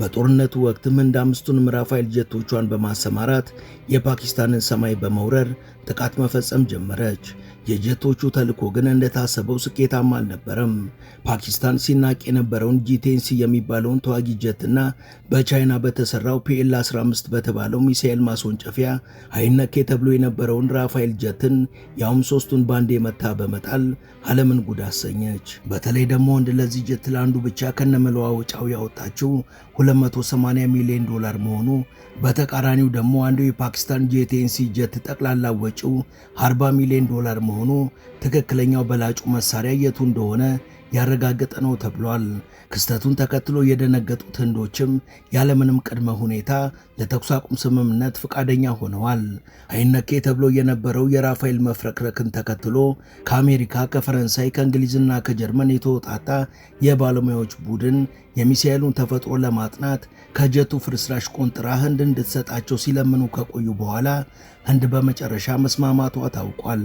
በጦርነቱ ወቅትም እንደ አምስቱንም ራፋኤል ጀቶቿን በማሰማራት የፓኪስታንን ሰማይ በመውረር ጥቃት መፈጸም ጀመረች። የጀቶቹ ተልዕኮ ግን እንደታሰበው ስኬታማ አልነበረም። ፓኪስታን ሲናቅ የነበረውን ጂቴንሲ የሚባለውን ተዋጊ ጀትና በቻይና በተሰራው ፒኤል 15 በተባለው ሚሳኤል ማስወንጨፊያ አይነኬ ተብሎ የነበረውን ራፋኤል ጀትን ያውም ሶስቱን ባንዴ መታ በመጣል ዓለምን ጉድ አሰኘች። በተለይ ደግሞ ወንድ ለዚህ ጀት ለአንዱ ብቻ ከነመለዋወጫው ያወጣችው 280 ሚሊዮን ዶላር መሆኑ፣ በተቃራኒው ደግሞ አንዱ የፓኪስታን ጂቴንሲ ጀት ጠቅላላ ወጪው 40 ሚሊዮን ዶላር መሆኑ በመሆኑ ትክክለኛው በላጩ መሳሪያ የቱ እንደሆነ ያረጋገጠ ነው ተብሏል። ክስተቱን ተከትሎ የደነገጡት ህንዶችም ያለምንም ቅድመ ሁኔታ ለተኩስ አቁም ስምምነት ፈቃደኛ ሆነዋል። አይነኬ ተብሎ የነበረው የራፋኤል መፍረክረክን ተከትሎ ከአሜሪካ፣ ከፈረንሳይ፣ ከእንግሊዝና ከጀርመን የተወጣጣ የባለሙያዎች ቡድን የሚሳኤሉን ተፈጥሮ ለማጥናት ከጀቱ ፍርስራሽ ቆንጥራ ህንድ እንድትሰጣቸው ሲለምኑ ከቆዩ በኋላ ህንድ በመጨረሻ መስማማቷ ታውቋል።